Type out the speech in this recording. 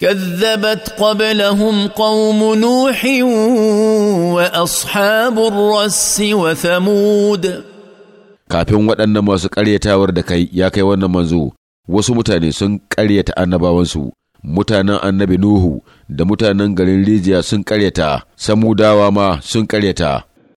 كذبت قبلهم قوم نوح Rasi الرس وثمود kafin waɗannan masu ƙaryatawar da kai ya kai wannan manzo wasu mutane sun karyata annabawansu mutanen annabi nuhu da mutanen garin rijiya sun ƙaryata samudawa ma sun ƙaryata